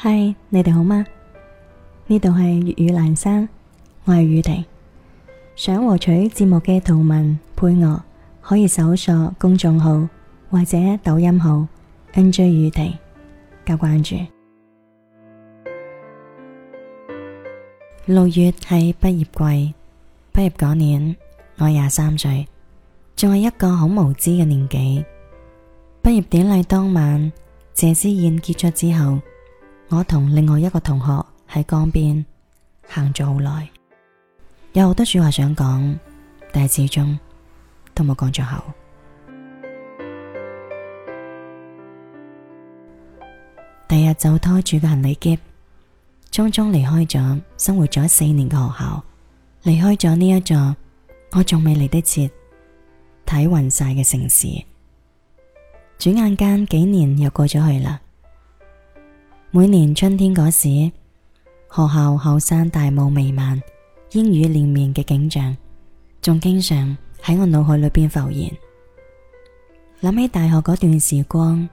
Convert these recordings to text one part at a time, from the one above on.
嗨，Hi，你哋好嗎？呢度係粵語闌珊，我係宇婷。想獲取節目嘅圖文配樂，可以搜索公眾號或者抖音號 NJ 宇婷加關注。六月係畢業季，畢業嗰年我廿三歲，仲係一個好無知嘅年紀。畢業典禮當晚，謝師宴結束之後，我同另外一個同學喺江邊行咗好耐，有好多說話想講，但係始終都冇講出口。第日就拖住個行李篋，匆匆離開咗生活咗四年嘅學校，離開咗呢一座我仲未嚟得切睇暈晒嘅城市。轉眼間幾年又過咗去啦。每年春天嗰時，學校後山大霧彌漫、煙雨連綿嘅景象，仲經常喺我腦海裏邊浮現。諗起大學嗰段時光，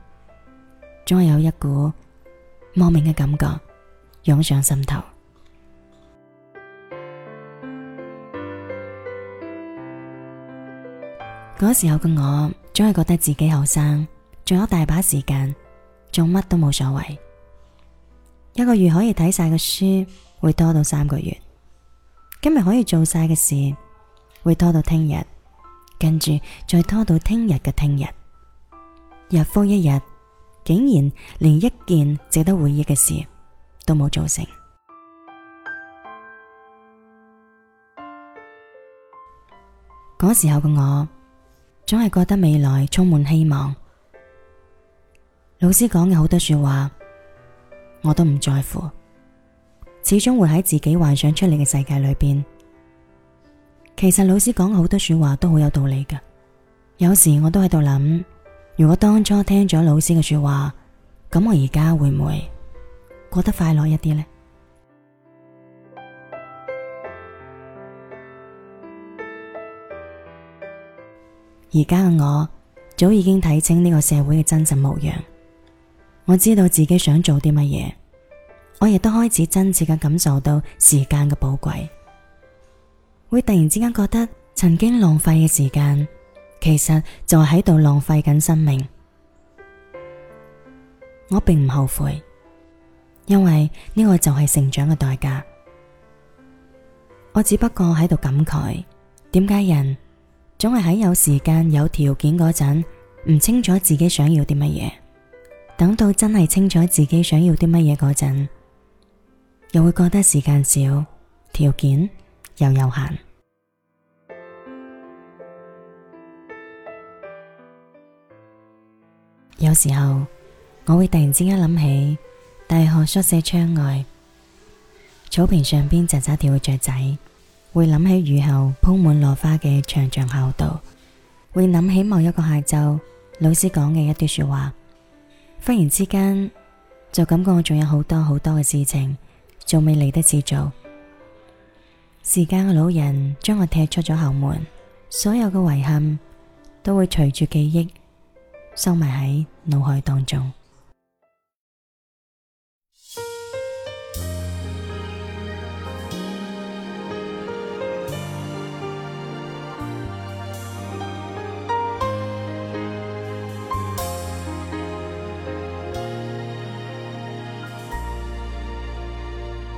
總係有一股莫名嘅感覺湧上心頭。嗰 時候嘅我，總係覺得自己後生，仲有大把時間，做乜都冇所謂。一個月可以睇晒嘅書，會拖到三個月；今日可以做晒嘅事，會拖到聽日，跟住再拖到聽日嘅聽日，日復一日，竟然連一件值得回憶嘅事都冇做成。嗰 時候嘅我，總係覺得未來充滿希望。老師講嘅好多說話。我都唔在乎，始終會喺自己幻想出嚟嘅世界裏邊。其實老師講好多說話都好有道理噶，有時我都喺度諗，如果當初聽咗老師嘅說話，咁我而家會唔會過得快樂一啲呢？而家嘅我早已經睇清呢個社會嘅真實模樣。我知道自己想做啲乜嘢，我亦都開始真切嘅感受到時間嘅寶貴，會突然之間覺得曾經浪費嘅時間，其實就喺度浪費緊生命。我並唔後悔，因為呢個就係成長嘅代價。我只不過喺度感慨，點解人總係喺有時間、有條件嗰陣，唔清楚自己想要啲乜嘢。等到真係清楚自己想要啲乜嘢嗰陣，又會覺得時間少，條件又有限。 有時候我會突然之間諗起大學宿舍窗外草坪上邊喳喳跳嘅雀仔，會諗起雨後鋪滿落花嘅長長校道，會諗起某一個下晝老師講嘅一段說話。忽然之間，就感覺我仲有好多好多嘅事情，仲未嚟得切做。時間嘅老人將我踢出咗後門，所有嘅遺憾都會隨住記憶收埋喺腦海當中。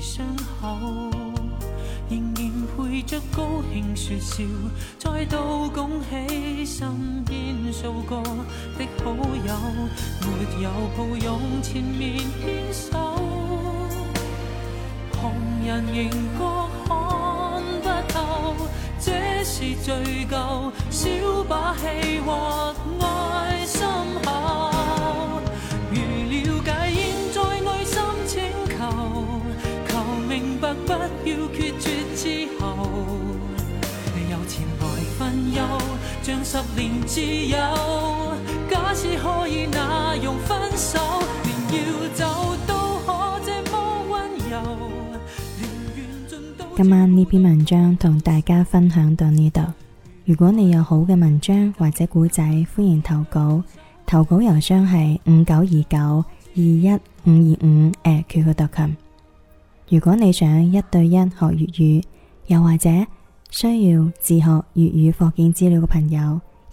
傷口仍然陪着高興說笑，再度拱起身邊數個的好友，沒有抱擁，前面牽手，旁人仍覺看不透，這是最舊小把戲或愛心口。假使可以，那樣分手，連要走都可，這麼温柔，今晚呢篇文章同大家分享到呢度。如果你有好嘅文章或者古仔，歡迎投稿。投稿郵箱係五九二九二一五二五。誒，QQ 特琴。如果你想一對一學粵語，又或者需要自學粵語課件資料嘅朋友。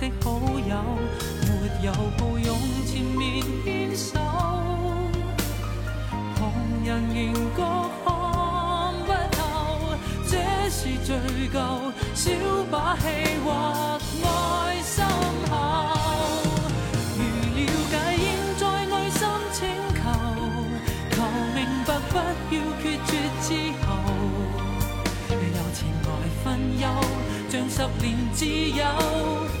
的好友沒有抱擁，纏綿牽手，旁人仍覺看不透，這是最舊小把戲或愛深厚。如了解應再內心請求，求明白不要決絕之後，由前來分憂，像十年摯友。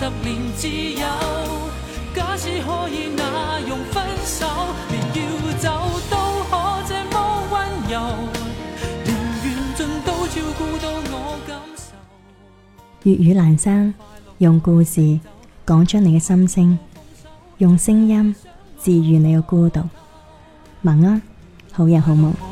十年自由，假使可以，那樣分手，連要走都可這麼温柔，連緣盡都照顧到我感受。粵語闌珊，用故事講出你嘅心聲，用聲音治愈你嘅孤獨。晚安啊，好人好夢。